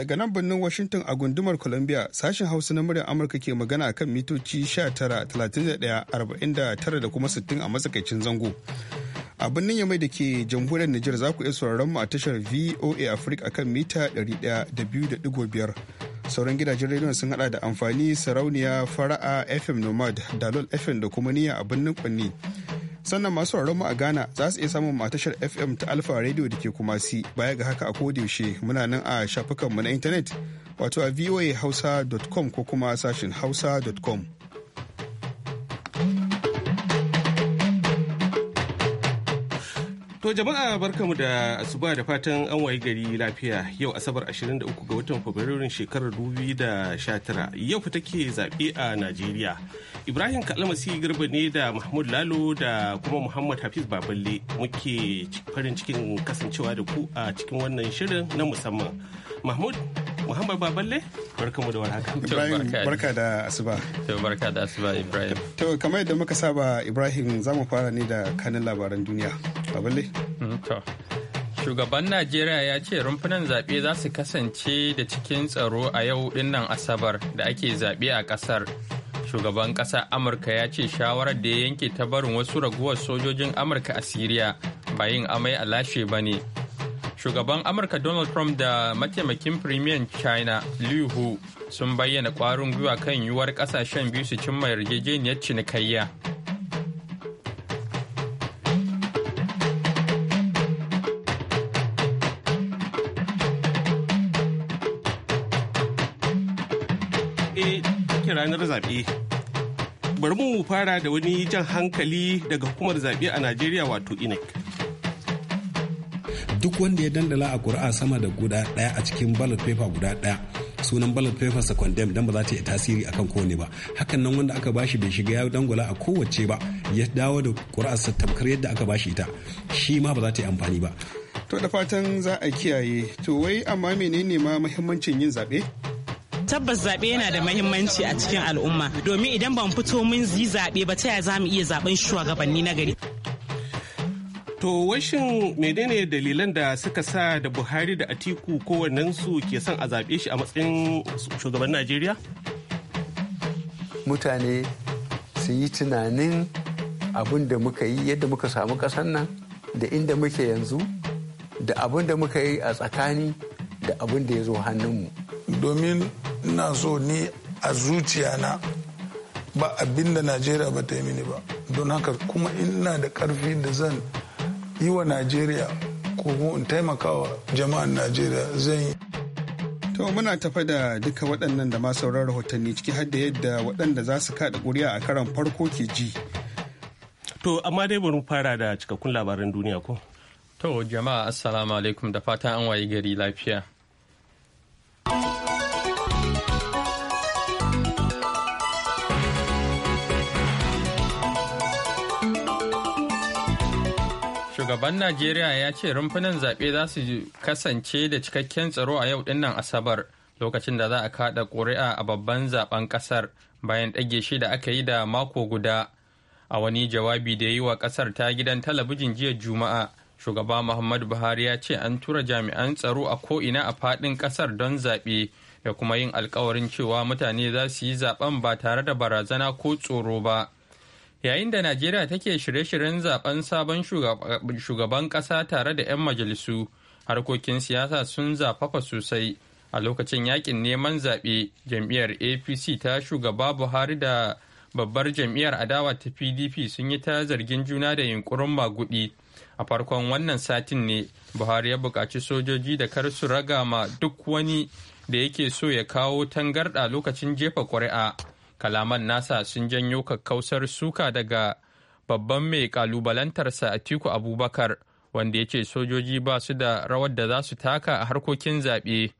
daga nan birnin Washington a gundumar Columbia sashen Hausa na muryar Amurka ke magana a kan mitoci 19,31,49 da kuma 60 a matsakaicin zango. A birnin Yamai da ke jamhuriyar Nijar za ku iya sauraron mu a tashar VOA Africa akan mita 102.5. Sauran gidajen rediyon sun hada da amfani sarauniya fara'a FM Nomad, Dalol FM da kuma niyya a birnin Kwanni. sannan masu mu a ghana za su iya samun matashar fm ta alfa radio da ke kuma si baya ga haka a yaushe muna nan a shafukanmu na intanet wato a voahausa.com ko kuma sashin hausa.com To jama'a barkamu da asuba da fatan an wayi gari lafiya yau asabar 23 ga watan Fabrairun shekarar 2019 yau fita ke zaɓe a Najeriya. Ibrahim si Garba ne da Mahmud Lalo da kuma Muhammad Hafiz Baballe muke farin cikin kasancewa da ku a cikin wannan shirin na musamman. Mahmud Muhammad Baballe barkamu da warhaka. Ibrahim barka da asuba. To barka da asuba Ibrahim. To kamar yadda muka saba Ibrahim za mu fara ne da kanin labaran duniya. Mm, Shugaban Najeriya ya ce rumfunan zaɓe za su kasance da cikin tsaro a yau dinnan Asabar da ake zaɓe a ƙasar. Shugaban ƙasar Amurka ya ce shawarar da ya yanke ta barin wasu raguwar sojojin Amurka a Siriya ba yin amai a lashe ba ne. Shugaban Amurka Donald Trump da mataimakin Premier China Liu Hu sun bayyana ƙwarin gwiwa kan yiwuwar ƙasashen biyu su cimma yarjejeniyar cinikayya. zaɓe take ranar zaɓe. Bari mu fara da wani jan hankali daga hukumar zaɓe a Najeriya wato INEC. Duk wanda ya dandala a ƙuri'a sama da guda ɗaya a cikin ballot paper guda ɗaya sunan ballot paper sa condemn dan ba za ta yi tasiri akan kowane ba hakan nan wanda aka bashi bai shiga ya dangwala a kowace ba ya dawo da ƙuri'arsa tamkar yadda aka bashi ita shi ma ba za ta yi amfani ba To da fatan za a kiyaye, to wai amma menene ma muhimmancin yin zaɓe? tabbas zaɓe yana da mahimmanci a cikin al'umma domin idan ban fito mun yi zaɓe ba ta yaya za mu iya zaɓen shugabanni na gari. To washin menene dalilan da suka sa da Buhari da Atiku kowannensu ke son a zaɓe shi a matsayin shugaban Najeriya? Mutane su yi tunanin abin da muka yi yadda muka samu kasan nan da inda muke yanzu da abin da muka yi a tsakani da abin da ya zo hannunmu. Domin ina so ni a zuciya na ba abin da najeriya ba ta yi mini ba don haka kuma ina da karfi da zan yi wa najeriya ko in taimakawa jama'an najeriya zan yi To muna tafa da duka waɗannan da ma sauran rahotanni ciki hadda yadda waɗanda za su kaɗa ƙuri'a a karan farko ke ji. To amma dai bari fara da cikakkun labaran duniya ko? To jama'a assalamu alaikum da fata an waye gari lafiya. Shugaban Najeriya ya ce rumfunan zaɓe za su kasance da cikakken tsaro a yau dinnan Asabar lokacin da za a kaɗa ƙuri'a a babban zaben ƙasar bayan ɗage shi da aka yi da mako guda. A wani jawabi da ya yi wa ƙasar ta gidan talabijin jiya Juma'a, shugaba Muhammadu Buhari ya ce an tura jami'an tsaro a ko'ina a faɗin ƙasar don zaɓe da kuma yin alkawarin cewa mutane za su yi zaɓen ba tare da barazana ko tsoro ba. yayin da najeriya take shirye-shiryen zaben sabon shugaban kasa tare da 'yan majalisu harkokin siyasa sun zafafa sosai a lokacin yakin neman zaɓe jam'iyyar apc ta shugaba buhari da babbar jam'iyyar adawa ta pdp sun yi ta zargin juna da yunkurin maguɗi a farkon wannan satin ne buhari ya buƙaci sojoji da kar su raga ma duk wani da yake so ya kawo tangarɗa lokacin jefa ƙuri'a kalaman nasa sun janyo kakkausar suka daga babban mai kalubalantarsa atiku abubakar wanda ya ce sojoji ba su da rawar da za su taka a harkokin zaɓe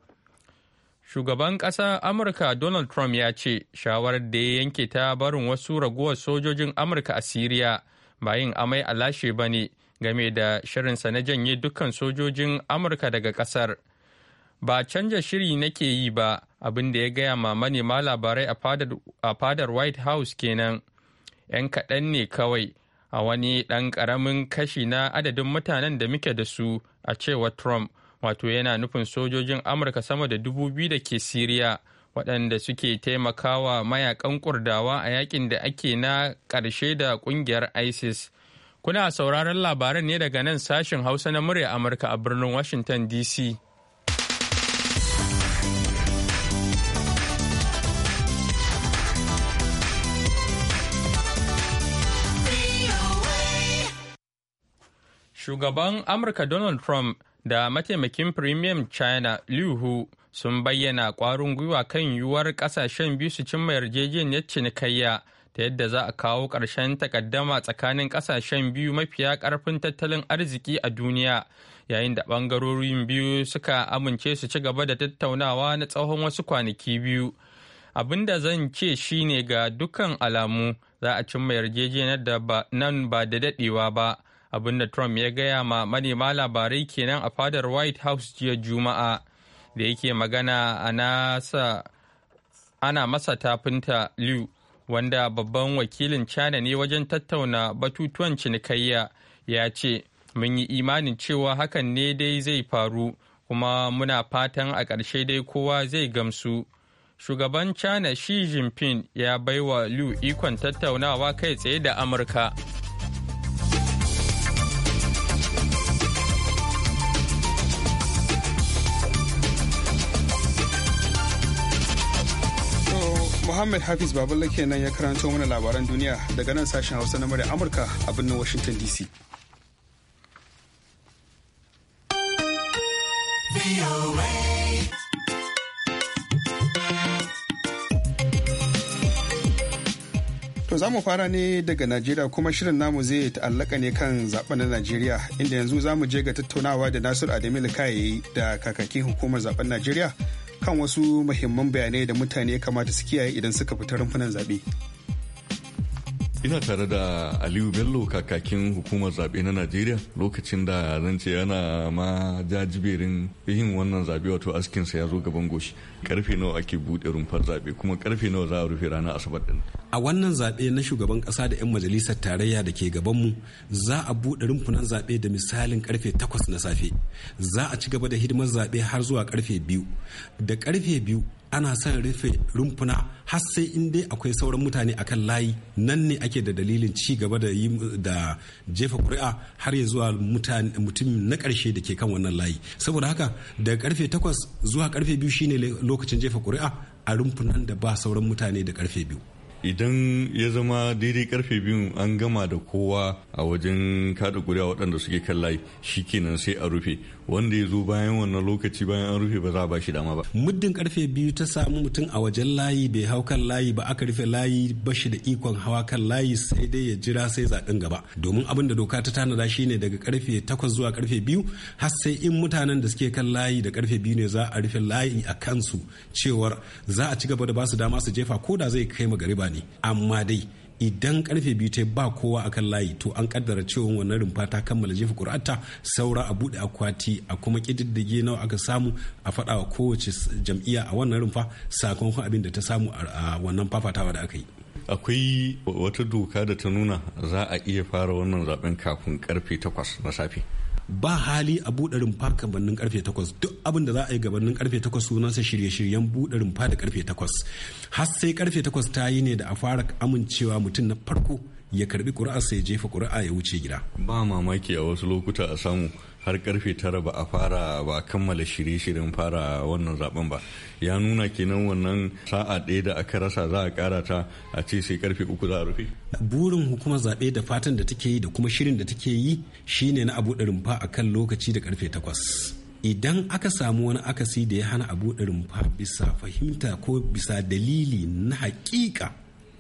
shugaban ƙasa amurka donald trump ya ce shawarar da ya yanke ta barin wasu raguwar sojojin amurka a siriya ba yin amai a lashe ba ne game da shirinsa na janye dukkan sojojin amurka daga ƙasar ba canja shiri nake yi ba abin da ya gaya ma manema labarai a fadar white house kenan 'yan kaɗan ne kawai a wani ɗan ƙaramin kashi na adadin mutanen da muke da su a cewa trump wato yana nufin sojojin amurka sama da dubu biyu da ke siriya waɗanda suke taimakawa mayakan kurdawa a yakin da ake na ƙarshe da ƙungiyar isis kuna sauraron labaran ne daga nan sashen hausa na murya amurka a birnin washington dc Shugaban Amurka Donald Trump da mataimakin Premium China Liu Hu sun bayyana ƙwarin gwiwa kan yiwuwar ƙasashen biyu su cimma yarjejeniyar cinikayya ta yadda za a kawo ƙarshen takaddama tsakanin ƙasashen biyu mafiya ƙarfin tattalin arziki a duniya yayin da ɓangarorin biyu suka amince su ci gaba da tattaunawa na tsawon wasu kwanaki biyu abin da zan ce shine ga dukkan alamu za a cimma yarjejeniyar da nan ba da daɗewa ba abin da Trump ya gaya ma manema labarai kenan a fadar White House jiya Juma'a da yake magana ana masa tafinta Liu wanda babban wakilin China ne wajen tattauna batutuwan cinikayya ya ce mun yi imanin cewa hakan ne dai zai faru kuma muna fatan a ƙarshe dai kowa zai gamsu. Shugaban China Xi Jinping ya baiwa Liu ikon tattaunawa kai tsaye da Amurka. Muhammad Hafiz Baballa kenan ya karanto mana labaran duniya daga nan sashen Hausa na murya Amurka a birnin Washington DC. To za mu fara ne daga Najeriya kuma shirin namu zai ta'allaka ne kan zaben na Najeriya inda yanzu za mu je ga tattaunawa da Nasiru Adamu Kaye da kakakin hukumar zaɓen Najeriya kan wasu muhimman bayanai da mutane kamata su kiyaye idan suka fita rumfunan zaɓe. ina tare da aliyu bello kakakin hukumar zaɓe na najeriya lokacin da zan ce yana ma jajiberin yin wannan zaɓe wato askinsa ya zo gaban goshi karfe nawa ake buɗe rumfar zaɓe kuma karfe nawa za a rufe rana asabar din a wannan zaɓe na shugaban ƙasa da 'yan majalisar tarayya da ke gabanmu za a buɗe rumfunan zaɓe da misalin karfe takwas na safe za a ci gaba da hidimar zaɓe har zuwa karfe biyu da karfe biyu. ana son rufe rumfuna har sai in dai akwai sauran mutane akan layi nan ne ake da dalilin ci gaba da da jefa kuri'a har ya zuwa mutum na karshe da ke kan wannan layi saboda haka daga karfe 8 zuwa karfe 2 shine lokacin jefa kuri'a a rumfunan da ba sauran mutane da karfe 2 idan ya zama daidai karfe biyu an gama da kowa a wajen kada kuri'a waɗanda suke kan layi kenan sai a rufe wanda ya zo bayan wannan lokaci bayan an rufe ba za a ba shi dama ba muddin karfe biyu ta samu mutum a wajen layi bai hau kan layi ba aka rufe layi ba shi da ikon hawa kan layi sai dai ya jira sai zaɓen gaba domin abin da doka ta tanada shi ne daga karfe takwas zuwa karfe biyu har sai in mutanen da suke kan layi da karfe biyu ne za a rufe layi a kansu cewar za a ci gaba da ba su dama su jefa ko da zai kai ma magariba ne amma dai idan karfe biyu ta ba kowa a kan layi to an kaddara cewa wannan rumfa ta kammala jefa kur'ata saura a buɗe akwati a kuma kididdige nawa aka samu a faɗa wa kowace jam'iyya a wannan rumfa sakamakon abin da ta samu a wannan fafatawa da aka yi akwai wata doka da ta nuna za a iya fara wannan zaben kafin karfe takwas na safe ba hali a buɗe rumfa gabanin karfe takwas duk abin da za a yi gabanin karfe takwas sa shirye-shiryen buɗe rumfa da karfe takwas har sai karfe takwas ta yi ne da a fara amincewa mutum na farko ya karbi ƙura'a sai jefa ƙuri'a ya wuce gida ba mamaki a wasu lokuta a samu har karfe tara ba a fara ba kammala shirye-shiryen fara wannan zaben ba ya nuna kenan wannan sa'a ɗaya da aka rasa za a kara ta a ce sai karfe uku za a rufe burin hukumar zaɓe da fatan da take yi da kuma shirin da take yi shine na abu rumfa a kan lokaci da karfe takwas idan aka samu wani akasi da ya hana abu rumfa bisa fahimta ko bisa dalili na haƙiƙa.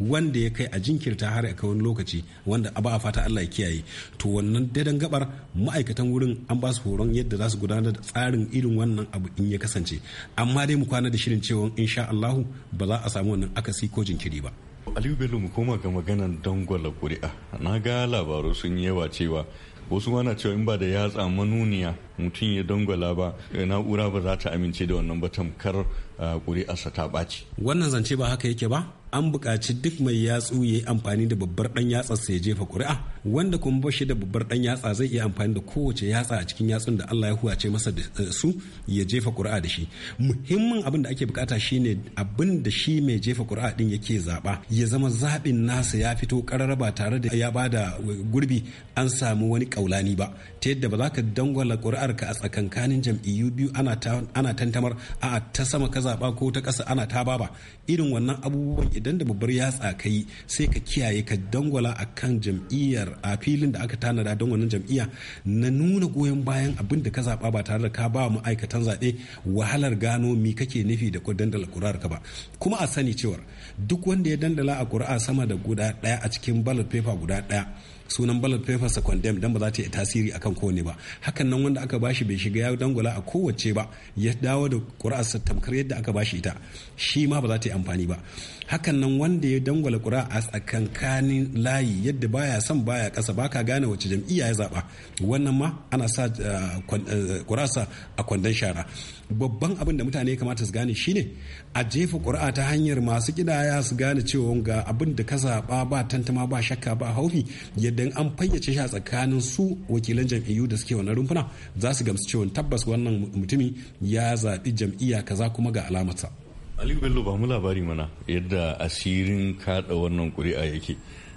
wanda ya kai a jinkirta har a wani lokaci wanda ba a fata Allah ya kiyaye to wannan daidan gabar ma'aikatan wurin an ba su horon yadda za su gudanar da tsarin irin wannan abu in ya kasance amma dai mu kwana da shirin cewa sha Allah ba za a samu wannan akasi ko jinkiri ba Aliyu Bello mu koma ga maganar dangwala Kuri'a na ga labaru sun yawa cewa wasu wana cewa in ba da yatsa manuniya mutum ya dangwala ba na'ura ba za ta amince da wannan ba tamkar ah, ƙuri'arsa ta ɓaci. Wannan zance ba haka yake ba? an buƙaci duk mai yatsu ya yi amfani da babbar ɗan yatsarsa ya jefa ƙuri'a wanda kuma ba shi da babbar dan yatsa zai iya amfani da kowace yatsa a cikin yatsun da Allah ya huwace masa da eh, su ya jefa ƙura'a da shi muhimmin abin da ake bukata shine abin da shi mai jefa ƙuri'a din yake zaba ya zama zabin nasa ya fito karara ba tare da ya bada eh, gurbi an samu wani kaulani ba ta yadda ba za ka dangwala ƙura'ar ka a tsakankanin jam'iyyu biyu ana tantamar a ta sama ka zaba ko ta ƙasa ana ta ba irin wannan abubuwan idan da babbar yatsa ka yi sai ka kiyaye ka dangwala akan jam'iyyar a filin da aka tanada don wannan jam'iyya na nuna goyon bayan abin da ka zaɓa ba tare da ka ba ma'aikatan zaɓe wahalar gano mi kake nufi da ko dandala kuri'ar ka ba kuma a sani cewar duk wanda ya dandala a kuri'a sama da guda ɗaya a cikin ballot paper guda ɗaya sunan ballot papers a condemn dan ba za ta yi tasiri akan kowane ba hakan nan wanda aka bashi bai shiga ya dangula a kowace ba ya dawo da ƙuri'arsa tamkar yadda aka bashi ita shi ma ba za ta yi amfani ba hakan nan wanda ya dangwala ƙuri'a a tsakankanin layi yadda baya son baya kasa ba ka gane wace jam'iyya ya zaɓa wannan ma ana sa eh, eh, ƙuri'arsa a kwandon shara babban abin da mutane kamata su gane shine a jefa ƙuri'a ta hanyar masu kidaya su gane cewa ga abin da ka zaɓa ba tantama ba shakka ba haufi yadda an fayyace shi a tsakanin su wakilan jam'iyyu da suke wannan rumfuna za su gamsu cewa tabbas wannan mutumi ya zaɓi jam'iyya kaza kuma ga alamarsa. Aliyu Bello ba mu labari mana yadda asirin kaɗa wannan ƙuri'a yake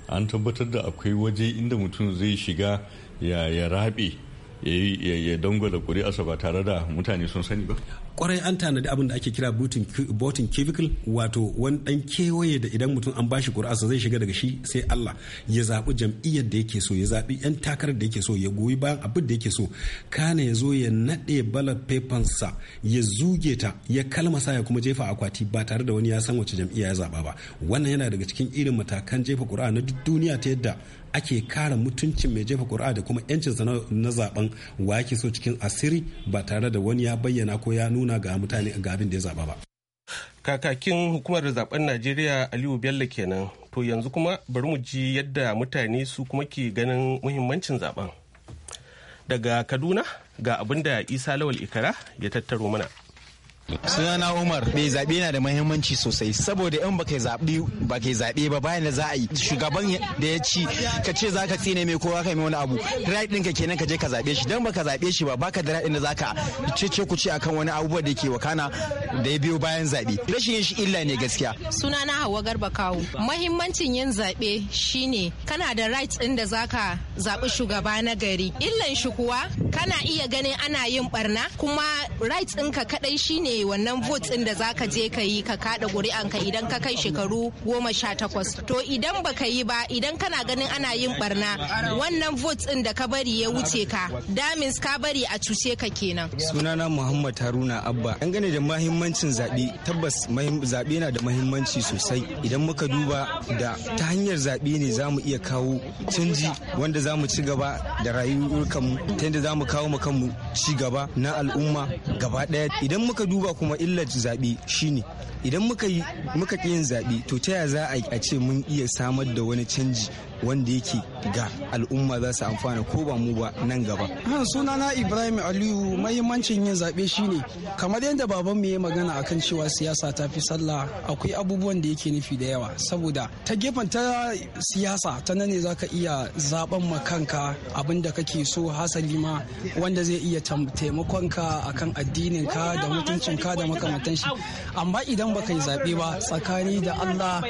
an tabbatar da akwai waje inda mutum zai shiga ya ya rabe ya dangwala kuri'arsa ba tare da mutane sun sani ba kwarai an tanadi abin da ake kira botin cubicle wato wani dan kewaye da idan mutum an bashi kuri'arsa zai shiga daga shi sai Allah ya zaɓi jam'iyyar da yake so ya zaɓi yan takarar da yake so ya goyi bayan abin da yake so kana ya zo ya naɗe ballot papersa ya zuge ta ya kalmasa ya kuma jefa akwati ba tare da wani ya san wace jam'iyya ya zaɓa ba wannan yana daga cikin irin matakan jefa kuri'a na duk duniya ta yadda ake kare mutuncin mai jefa ƙuri'a da kuma yancinsa na zaben wa yake so cikin asiri ba tare da wani ya bayyana ko ya nuna ga mutane ga abin da ya zaba ba. Kakakin hukumar zaben Najeriya Aliyu Bello kenan to yanzu kuma bari mu ji yadda mutane su kuma ke ganin muhimmancin zaben. Daga Kaduna ga abin da Isa Lawal Ikara ya tattaro mana. sunana umar bai zaɓe na da mahimmanci sosai saboda in baka ba kai zaɓe ba bayan da za a yi shugaban da ya ci ka ce za ka tsine mai kowa kai mai wani abu right ɗinka kenan ka je ka zaɓe shi dan baka zaɓe shi ba baka da right da za ka ce ku ce akan wani abubuwa da ke wakana da ya biyo bayan zaɓe rashin yin shi illa ne gaskiya sunana hawa garba kawo mahimmancin yin zaɓe shine kana da right ɗin da za ka zaɓi shugaba na gari illan shi kuwa kana iya ganin ana yin barna kuma right ɗinka kaɗai shine wannan vote din da ka je ka yi ka kada ƙuri'anka idan ka kai shekaru goma sha takwas to idan baka yi ba idan kana ganin ana yin barna wannan vote din da ka bari ya wuce ka damins ka bari a cuce ka kenan sunana muhammad haruna abba dangane da mahimmancin zaɓe tabbas zaɓe na da mahimmanci sosai idan muka duba da ta hanyar zaɓe ne za mu iya kawo canji wanda za mu ci gaba da rayuwar kanmu ta yadda za mu kawo mu kanmu ci gaba na al'umma gaba ɗaya idan muka duba duba kuma illar zaɓe shine idan muka yi muka yin zaɓe to ta yaya za a ce mun iya samar da wani canji wanda yake ga al'umma za su amfana ko ba mu ba nan gaba. Ah, sunana Ibrahim Aliyu mahimmancin yin zaɓe shine kamar yadda baban mu ya magana akan cewa siyasa ta fi sallah akwai abubuwan da yake nufi da yawa saboda ta gefen ta siyasa ta nan ne ka iya zaben ma kanka abin da kake so hasali ma wanda zai iya taimakon ka akan addinin ka da mutuncin ka da makamantan shi amma idan baka yi zaɓe ba tsakani da Allah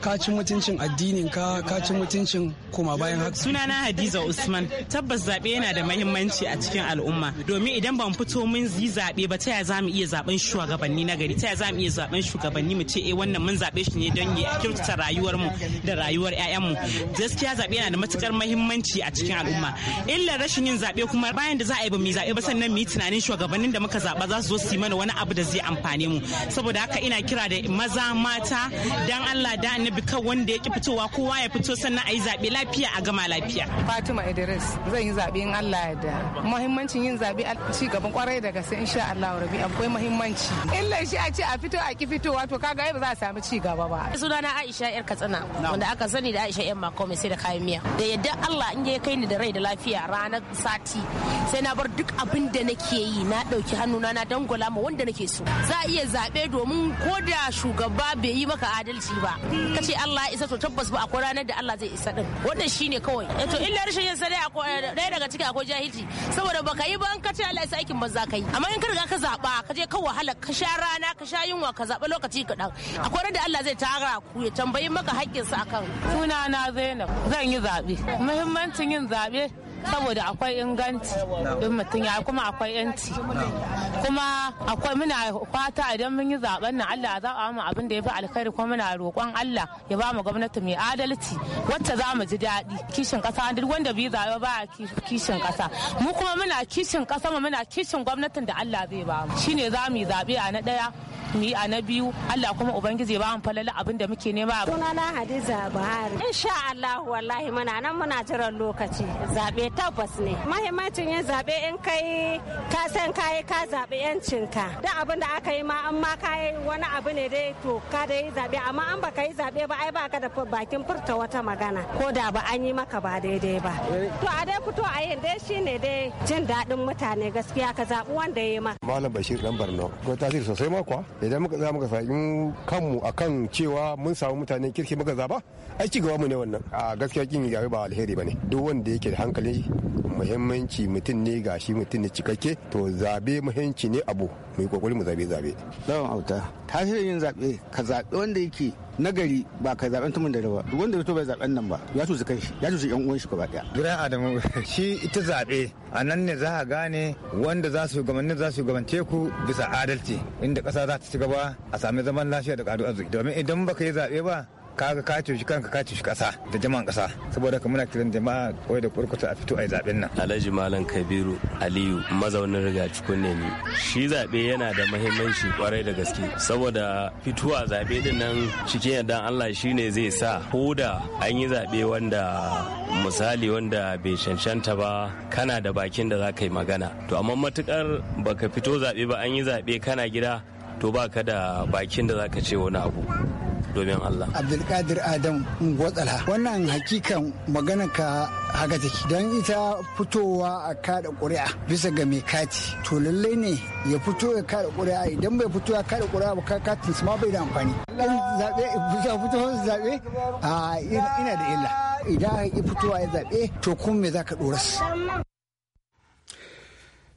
ka ci mutuncin addinin ka ka ci mutuncin lokacin koma bayan haka. Sunana Hadiza Usman tabbas zaɓe yana da mahimmanci a cikin al'umma domin idan ban fito mun yi zaɓe ba ta ya za mu iya zaɓen shugabanni na gari ta ya za mu iya zaɓen shugabanni mu ce eh wannan mun zaɓe shi ne don ya kyautata rayuwar mu da rayuwar mu gaskiya zaɓe yana da matukar mahimmanci a cikin al'umma illa rashin yin zaɓe kuma bayan da za a yi ba mu zaɓe ba sannan mu yi tunanin shugabannin da muka zaɓa za su zo su yi mana wani abu da zai amfane mu saboda haka ina kira da maza mata dan Allah da annabi kawai wanda ya ki fitowa kowa ya fito sannan a yi zaɓe lafiya a gama lafiya. Fatima Idris zan yi zaɓe in Allah ya da. Muhimmancin yin zaɓe ci gaban kwarai da gaske insha Allah rabi akwai muhimmanci. Illa shi a ce a fito a ki fitowa to kaga ai ba za a samu ci gaba ba. Sunana Aisha yar Katsina wanda aka sani da Aisha yar mako mai sai da kayan miya. Da yadda Allah in ya kai ni da rai da lafiya ranar sati sai na bar duk abin da nake yi na ɗauki hannuna na dangwala ma wanda nake so. Za a iya zaɓe domin ko da shugaba bai yi maka adalci ba. Kace Allah ya isa to tabbas ba akwai ranar da Allah zai isa din wannan shine kawai eh, to illa rashin yin ko dai eh, daga ciki akwai jahilci saboda baka yi ba an ka ce Allah ya sa aikin banza amma in ka riga ka zaba ka je ka wahala ka sha rana ka sha yunwa ka zaba lokaci dan akwai da Allah zai tara ku ya tambayi maka haƙƙinsa akan suna na Zainab zan yi zabe muhimmancin yin zabe saboda akwai inganci don mutum ya kuma akwai yanci kuma akwai muna fata idan mun yi zaben nan Allah ya zaba mu abin da ya fi alkhairi kuma muna roƙon Allah ya ba mu gwamnati mai adalci wacce za mu ji daɗi kishin ƙasa duk wanda bai zaba ba kishin ƙasa mu kuma muna kishin ƙasa mu muna kishin gwamnatin da Allah zai ba mu shine za mu yi zaɓe a na ɗaya mu a na biyu Allah kuma ubangiji ba mu falala abin da muke nema na Hadiza Buhari insha Allah wallahi muna nan muna jiran lokaci zabe tabbas ne mahimmancin yin zabe in kai ka san kai ka zabe ka. Dan abin da aka yi ma an ma kai wani abu ne dai to ka da yi zabe amma an baka yi zabe ba ai baka da bakin furta wata magana ko da ba an yi maka ba daidai ba to a dai fito a yin dai shine dai jin daɗin mutane gaskiya ka zabi wanda ya yi maka malam bashir dan barno ko tasiri sosai ma kuwa idan muka za muka sami kanmu kan cewa mun samu mutanen kirki muka zaba ai ci gaba mu ne wannan a gaskiya kin yayi ba alheri bane duk wanda yake da hankali muhimmanci mutum ne gashi mutum ne cikakke to zabe muhimmanci ne abu mu yi kokari mu zabe zabe lawan auta tasirin yin zabe ka zabe wanda yake nagari ba ka zaben tumun da rawa duk wanda ya to bai zaben nan ba ya tuzi kai ya tuzi yan uwan shi ba daya adamu shi ita zabe a nan ne za a gane wanda za su gabanin za su gabance ku bisa adalci inda ƙasa za ta ci gaba a sami zaman lafiya da kadu arziki domin idan baka yi zaɓe ba kaga ka cuci kanka ka cuci kasa da jama'an kasa saboda ka muna kiran jama'a kawai da kurkuta a fito a zaben nan alhaji malam kabiru aliyu mazaunin riga cikin ne shi zabe yana da muhimmanci kwarai da gaske saboda fituwa zabe din nan cikin yardan Allah shine zai sa ko da an yi zabe wanda misali wanda bai shanshanta ba kana da bakin da za ka yi magana to amma matukar baka fito zabe ba an yi zabe kana gida to ba ka da bakin da zaka ce wani abu domin Allah. Abdulkadir Adam Ngwatsala. Wannan hakikan magana ka haka take. Don ita fitowa a kada ƙuri'a bisa ga mai kati. To lallai ne ya fito ya kada ƙuri'a idan bai fito ya kada ƙuri'a ba katin su ma bai da amfani. Dan zabe ya fito zaɓe a ina da illa. Idan ya fitowa ya zaɓe to kun me za ka ɗoras.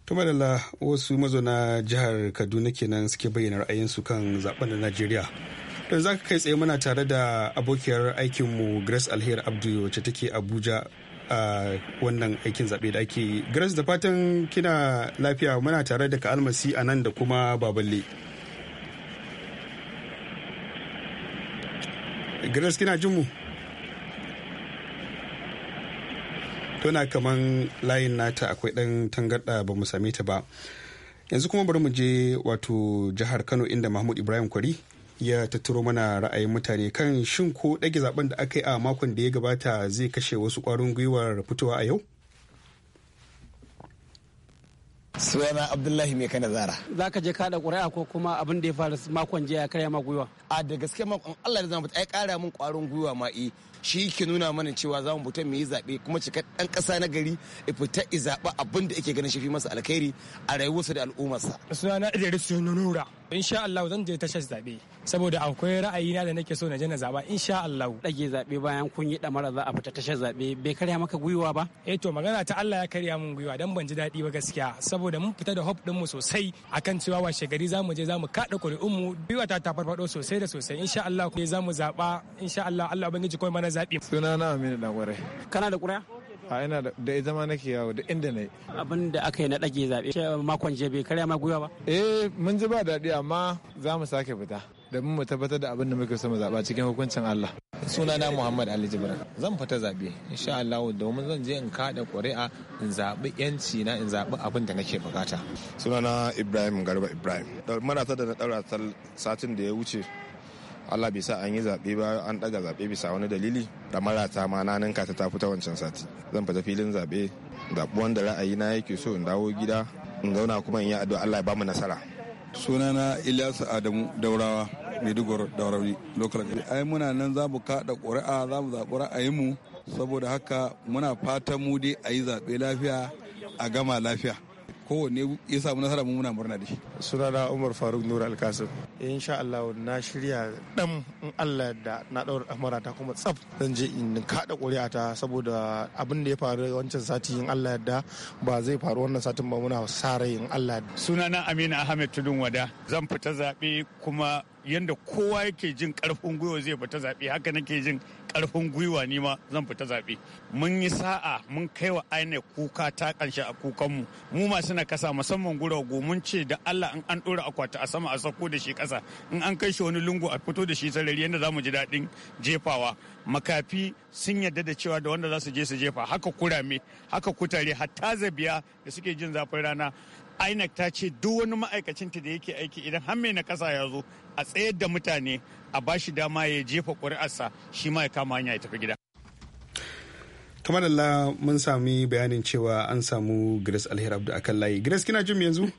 to madalla wasu mazauna jihar kaduna kenan suke bayyana ra'ayinsu kan zaben da najeriya To za ka kai tsaye muna tare da abokiyar aikinmu Grace Alheri Abdu wacce take Abuja a wannan aikin zaɓe da ake Grace da fatan kina lafiya muna tare da ka almasi a nan da kuma baballe. Grace kina jin mu? tona kaman layin nata akwai ɗan tangarɗa ba mu same ta ba yanzu kuma bari mu je wato jihar kano inda mahmud ibrahim kwari ya tattaro mana ra'ayin mutane kan shin ko ɗage zaben da aka yi a makon da ya gabata zai kashe wasu ƙwarin gwiwar fitowa a yau? suna abdullahi mai kana zara za ka je kada ƙuri'a ko kuma abin da ya faru makon jiya ya karya ma gwiwa a da gaske makon allah da zama ai kara min ƙwarin gwiwa ma i eh. shi ke nuna mana cewa za mu fita mu yi zaɓe kuma cika ɗan ƙasa na gari ya fita i zaɓa abin da ake ganin shi fi masa alkhairi a rayuwarsa da al'ummarsa suna na idris yunura sha Allah zan je tashar zaɓe saboda akwai ra'ayi na da nake so na je na zaba sha Allah dage zaɓe bayan kun yi mara za a fita tashar zaɓe, bai karya maka gwiwa ba eh to magana ta Allah ya karya mun gwiwa dan ban ji daɗi ba gaskiya saboda mun fita da hope din mu sosai akan cewa washe gari za mu je za mu kaɗa kuri'un mu gwiwa ta ta farfado sosai da sosai in sha Allah ne za mu in sha Allah Allah ubangiji koi mana zabi sunana Aminu Dangware kana da ƙuri'a a ina da zama nake yawo da inda na yi abin da aka yi na ɗage zaɓe makon jiya bai karya ma gwiwa ba eh mun ji ba daɗi amma za mu sake fita da mu tabbatar da abin da muke so mu zaɓa cikin hukuncin Allah sunana Muhammad Ali jibra zan fita zaɓe insha Allah domin zan je in kaɗa ƙuri'a in zaɓi yanci na in zaɓi abin da nake bukata sunana Ibrahim Garba Ibrahim marasa da na ɗaura satin da ya wuce Allah bai sa an yi zaɓe ba an ɗaga zaɓe bisa wani dalili da ta ma na ninka ta tafi ta wancan sati zan fita filin zaɓe zaɓuwan da ra'ayi na yake so in dawo gida in zauna kuma in yi addu'a Allah ya bamu nasara. sunana Ilyasu Adamu Daurawa Maiduguri Daurawi local ai muna nan za mu kaɗa ƙuri'a za mu zaɓi ra'ayinmu saboda haka muna fatan mu dai a yi zaɓe lafiya a gama lafiya. kowanne ya samu nasara mu muna murna da shi na umar faruk Nura alkasim eh, insha allah na shirya dan in allah da na daura amara ta kuma tsaf zan je in kada ƙuri'a ta saboda abin da ya faru wancan sati in allah da ba zai faru wannan satin ba muna sare in allah Suna na amina ahmed tudun wada zan fita zaɓe kuma yadda kowa yake jin karfin gwiwa zai fita zaɓe haka nake jin karfin gwiwa ni ma zan fita zaɓe mun yi sa'a mun kai wa INEC kuka ta ƙarshe a kukanmu mu masu na kasa musamman gura mun ce da allah in an ɗora akwati a sama a sako da shi ƙasa in an kai shi wani lungu a fito da shi sarari yadda za mu ji daɗin jefawa makafi sun yarda da cewa da wanda za su je su jefa haka kurame haka kutare hatta zabiya da suke jin zafin rana inec ta ce duk wani ma'aikacinta da yake aiki idan har mai na kasa ya zo a tsayar da mutane a ba shi dama ya jefa ƙuri'arsa shi ma ya kama hanya ya tafi gida kamar Allah mun sami bayanin cewa an samu Grace Alher Abdu akan layi. Grace kina jin yanzu?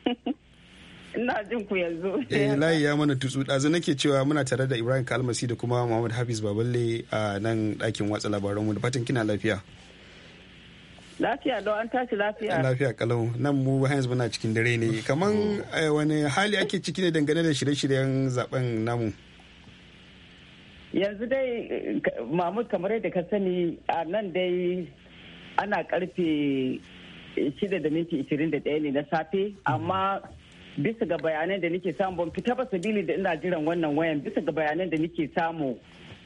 Ina jin ku yanzu. Eh layi ya mana tutsu ɗazu nake cewa muna tare da Ibrahim Kalmasi da kuma Muhammad Hafiz Baballe a nan ɗakin watsa labaranmu da fatan kina lafiya. lafiya don an tashi lafiya lafiya kalau nan mu yanzu muna cikin dare ne kaman eh, wani hali ake ciki ne dangane da shirye-shiryen zaben namu yanzu dai eh, mamu kamar yadda ka sani a nan dai ana karfe shida ne na safe amma bisa ga bayanan da nake samu ban fita ba sabili da ina jiran wannan wayan bisa ga bayanan da nake samu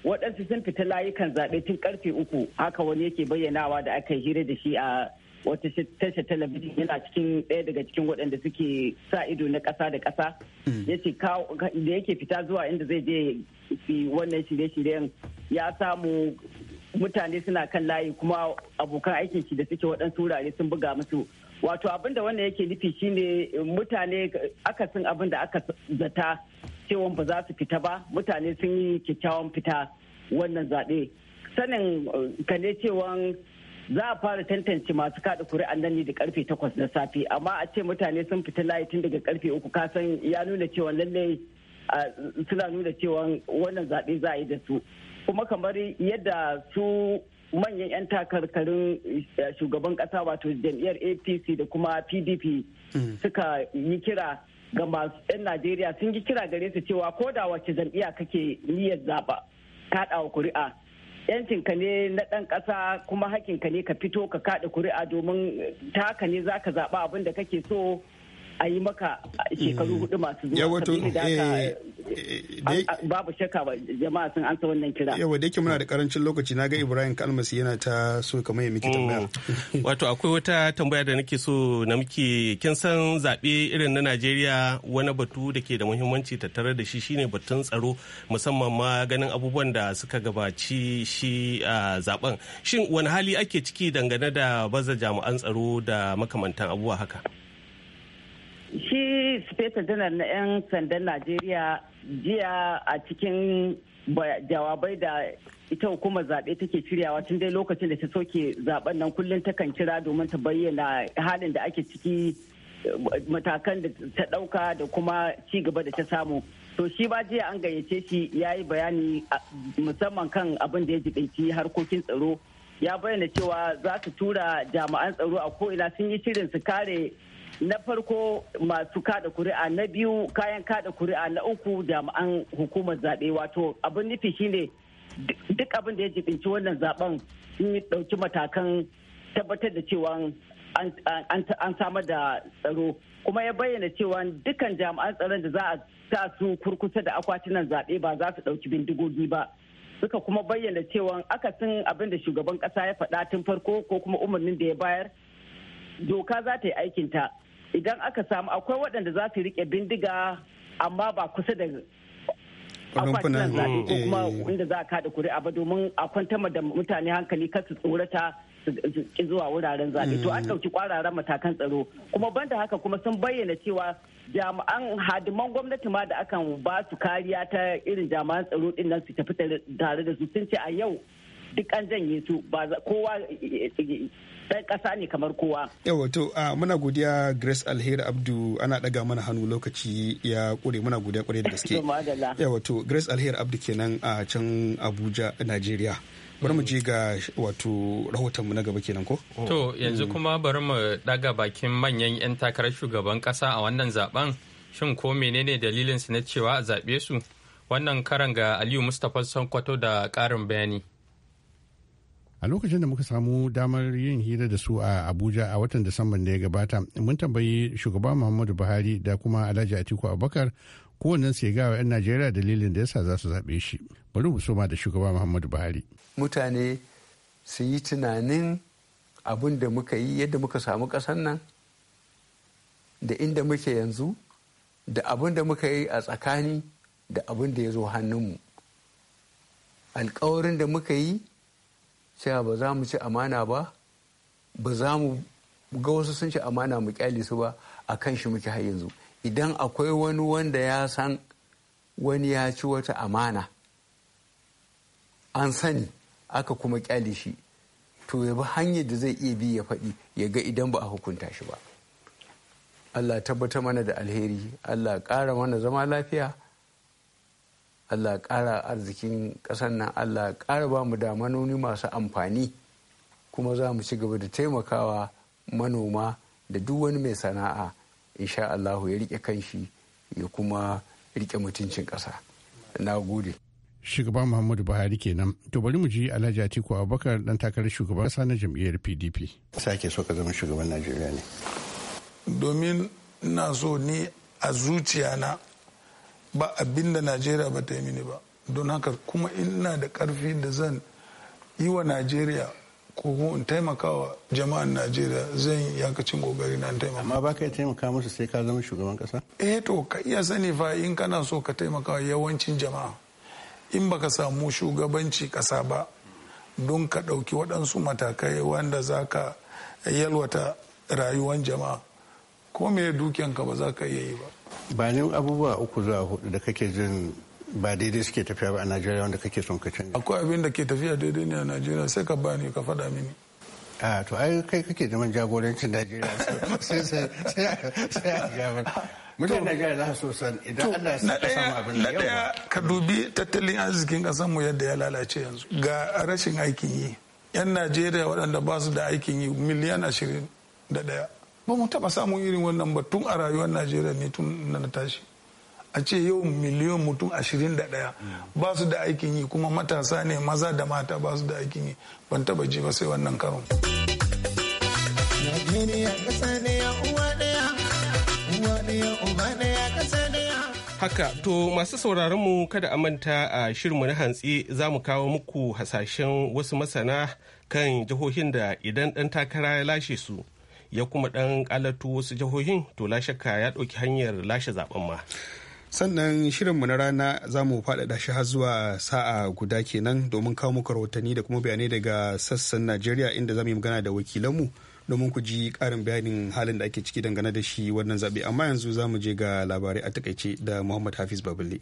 waɗansu sun fita layukan zaɓe tun karfe uku haka wani yake bayyanawa da aka hira da shi a wata tasha talabijin yana cikin ɗaya daga cikin waɗanda suke sa ido na ƙasa da ƙasa hmm. da yake fita zuwa inda zai je fi wannan shirye-shiryen ya samu mutane suna kan layi kuma abokan aikin shi da suke waɗansu wurare sun buga musu wato abin da wannan yake nufi shine mutane akasin abin da aka zata cewa ba za su fita ba mutane sun yi kyakkyawan fita wannan zaɓe sanin eh, ka cewa za a fara tantance masu kaɗa kuri'an nan ne da karfe takwas na safe amma a ce mutane sun fita layi tun daga karfe uku kasan ya nuna cewa lallai suna nuna cewa wannan zaɓe za a yi da su kuma kamar yadda su manyan 'yan takarkarin eh, shugaban ƙasa wato jam'iyyar apc da kuma pdp hmm. suka yi kira ga masu 'yan Najeriya sun ji kira gare su cewa ko da wace jam'iyya kake niyyar zaɓa kaɗawa kuri'a yancin ka ne na ɗan ƙasa kuma hakin ka ne ka fito ka kaɗa kuri'a domin taka ne zaka ka zaɓa abin da kake so a yi maka shekaru hudu masu zuwa yawa eh, babu shakka ba jama'a sun ansa wannan kira yawa da yake muna da karancin lokaci na ga ibrahim kalmasi yana ta so kamar ya miki tambaya mm. wato akwai wata tambaya da nake so na miki kin san zaɓe irin na najeriya wani batu da ke da muhimmanci tattare da shi shine batun tsaro musamman ma ganin abubuwan da suka gabaci shi a zaben shin wani hali ake ciki dangane da baza jami'an tsaro da makamantan abubuwa haka shi speta janar na 'yan sandan najeriya jiya a cikin jawabai da ita hukumar zaɓe take shiryawa tun dai lokacin da ta soke zaben nan kullum takan kira domin ta bayyana halin da ake ciki matakan da ta ɗauka da kuma ci gaba da ta samu to shi ba jiya an gayyace shi ya yi bayani musamman kan abin da ya jiɓinci harkokin tsaro ya bayyana cewa za su tura jami'an tsaro a ko'ina sun yi shirin su kare na farko masu kada kuri'a na biyu kayan kada kuri'a na uku jami'an hukumar zaɓe wato abin nufi shine duk abin da ya jibinci wannan zaben sun yi ɗauki matakan tabbatar da cewa an samar da tsaro kuma ya bayyana cewa dukkan jami'an tsaron da za a sa su kurkusa da akwatunan zaɓe ba za su ɗauki bindigogi ba suka kuma bayyana cewa akasin abin da shugaban ƙasa ya faɗa tun farko ko kuma umarnin da ya bayar doka za ta yi aikinta idan aka samu akwai waɗanda za su riƙe bindiga amma ba kusa da akwatunan zaɓe ko mm, kuma eh. inda za a kaɗa kuri'a ba domin a kwantar da mutane hankali kar su tsorata ki zuwa wuraren zaɓe to an mm. ɗauki ƙwararren matakan tsaro kuma banda haka kuma sun bayyana cewa jami'an hadiman gwamnati ma da akan ba su kariya ta irin jami'an tsaro din nan su tafi tare da su sun ce a yau duk an janye su ba kowa ɗan ƙasa ne kamar kowa. Yawa to muna godiya Grace Alheri Abdu ana ɗaga mana hannu lokaci ya ƙure muna godiya ƙure da gaske. Yawa to Grace Alheri Abdu kenan a can Abuja, Najeriya. bari mu je ga wato rahotonmu na gaba kenan ko? To yanzu kuma bari mu daga bakin manyan 'yan takarar shugaban ƙasa a wannan zaben shin ko menene dalilin su na cewa a zaɓe su? Wannan karan ga Aliyu Mustapha Sankwato da ƙarin bayani. a lokacin da muka samu damar yin hira da su a abuja a watan disamban da ya gabata mun tambayi shugaba muhammadu buhari da kuma alhaji atiku abubakar kowannen su ya gawa 'yan najeriya dalilin da yasa za su zaɓe shi bari mu soma da shugaba muhammadu buhari mutane su yi tunanin abin da muka yi yadda muka samu ƙasar nan da inda muke yanzu da abin da muka yi a tsakani da abin da ya zo hannunmu alkawarin da muka yi cewa ba za mu ci amana ba ba za mu ga wasu sun ci amana mu kyale su ba a kan shi muke har yanzu idan akwai wani wanda ya san wani ya ci wata amana an sani aka kuma kyale shi to ya bi hanyar da zai iya bi ya faɗi ya ga idan ba a hukunta shi ba allah tabbata mana da alheri allah ƙara mana zama lafiya allah ƙara arzikin ƙasar nan allah ƙara ba mu damanoni masu amfani kuma za mu ci gaba da taimakawa manoma da duk wani mai sana'a insha allahu ya rike kanshi ya kuma rike mutuncin ƙasa na gode shugaba muhammadu buhari kenan to bari mu ji alhaji atiku abubakar dan takarar shugaban kasa na jam'iyyar pdp sake so ka zama shugaban najeriya ne domin ina so ni a zuciya na ba abin da najeriya ba ta yi mini ba don haka kuma ina da karfi da zan yi wa najeriya ko in taimakawa jama'an najeriya zan yi yakacin gogari na taimaka amma ba ka taimaka musu sai ka zama shugaban kasa eh to ka iya sani fa in kana so ka taimakawa yawancin jama'a in baka samu shugabanci kasa ba don ka ɗauki waɗansu matakai wanda za ka yalwata rayuwar jama'a ko me dukiyanka ba za ka iya yi ba bayan abubuwa uku zuwa hudu da kake jin ba daidai suke tafiya ba a najeriya wanda kake son ka canza akwai abin da ke tafiya daidai ne a najeriya sai ka bani ka faɗa mini a to ai kai kake zaman jagorancin najeriya sai sai sai a gabar mutane najeriya za su san idan allah ya samu abin da yawa ka dubi tattalin arzikin kasan mu yadda ya lalace yanzu ga rashin aikin yi yan najeriya waɗanda ba su da aikin yi miliyan ashirin da ɗaya ba mu taba samun irin wannan ba tun a rayuwar najeriya ne tun na tashi a ce yau miliyan mutum ashirin da daya ba su da aikin yi kuma matasa ne maza da mata ba su da aikin yi ban taba ji ba sai wannan karon haka to masu sauraron mu kada a manta a shirinmu na hantsi za mu kawo muku hasashen wasu masana kan jihohin da idan ɗan takara ya lashe su ya kuma ɗan ƙalatu wasu jihohin to lashe ka ya ɗauki hanyar lashe zaben ma. sannan shirin mu na rana za mu faɗaɗa shi har zuwa sa'a guda kenan domin kawo muku rahotanni da kuma bayanai daga sassan najeriya inda za mu yi magana da wakilanmu domin ku ji ƙarin bayanin halin da ake ciki dangane da shi wannan zaɓe amma yanzu za mu je ga labarai a takaice da muhammad hafiz baballe.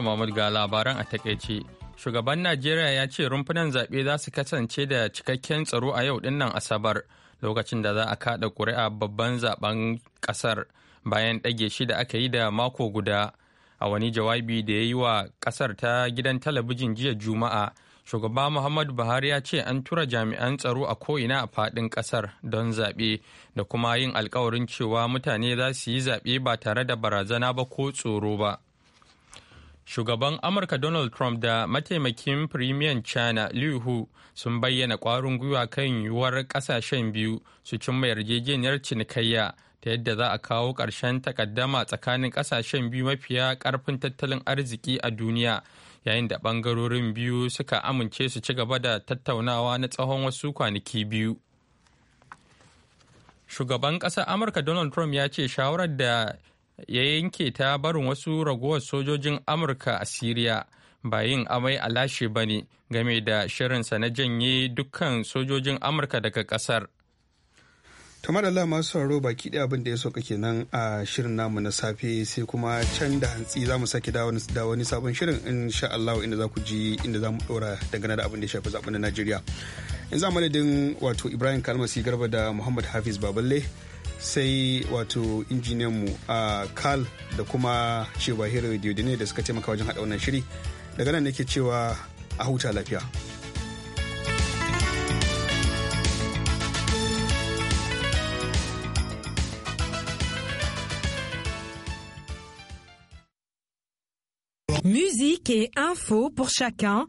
Yusuf Mahmud ga labaran a takaice. Shugaban Najeriya ya ce rumfunan zaɓe za su kasance da cikakken tsaro a yau dinnan Asabar lokacin da za a kaɗa ƙuri'a babban zaɓen ƙasar bayan ɗage shi da aka yi da mako guda. A wani jawabi da ya yi wa ƙasar ta gidan talabijin jiya Juma'a, shugaba Muhammadu Buhari ya ce an tura jami'an tsaro a ko'ina a faɗin ƙasar don zaɓe da kuma yin alkawarin cewa mutane za su yi zaɓe ba tare da barazana ba ko tsoro ba. shugaban amurka donald trump da mataimakin firimiyan china liu hu sun bayyana kwarin gwiwa kan yiwuwar kasashen biyu su cimma yarjejeniyar cinikayya ta yadda za a kawo ƙarshen takaddama tsakanin kasashen biyu mafiya ƙarfin tattalin arziki a duniya yayin da ɓangarorin biyu suka amince su ci gaba da tattaunawa na tsawon wasu kwanaki biyu shugaban ƙasar amurka donald trump ya ce shawarar da ya yanke ta barin wasu raguwar sojojin amurka a siriya ba yin amai a lashe ba ne game da shirinsa na janye dukkan sojojin amurka daga kasar kamar Allah masu sauraro baki ɗaya abin da ya soka nan a shirin namu na safe sai kuma can da hantsi za mu sake da wani sabon shirin insha Allah inda za ku ji inda za mu ɗora dangane da abin da ya shafi zaɓen na Najeriya. Yanzu a madadin wato Ibrahim Kalmasi Garba da Muhammad Hafiz Baballe sai wato injiniyanmu a kal da kuma cewa Hero Diodine da suka taimaka wajen hada wannan shiri. Daga nan nake cewa a huta lafiya. Musique et info pour chacun.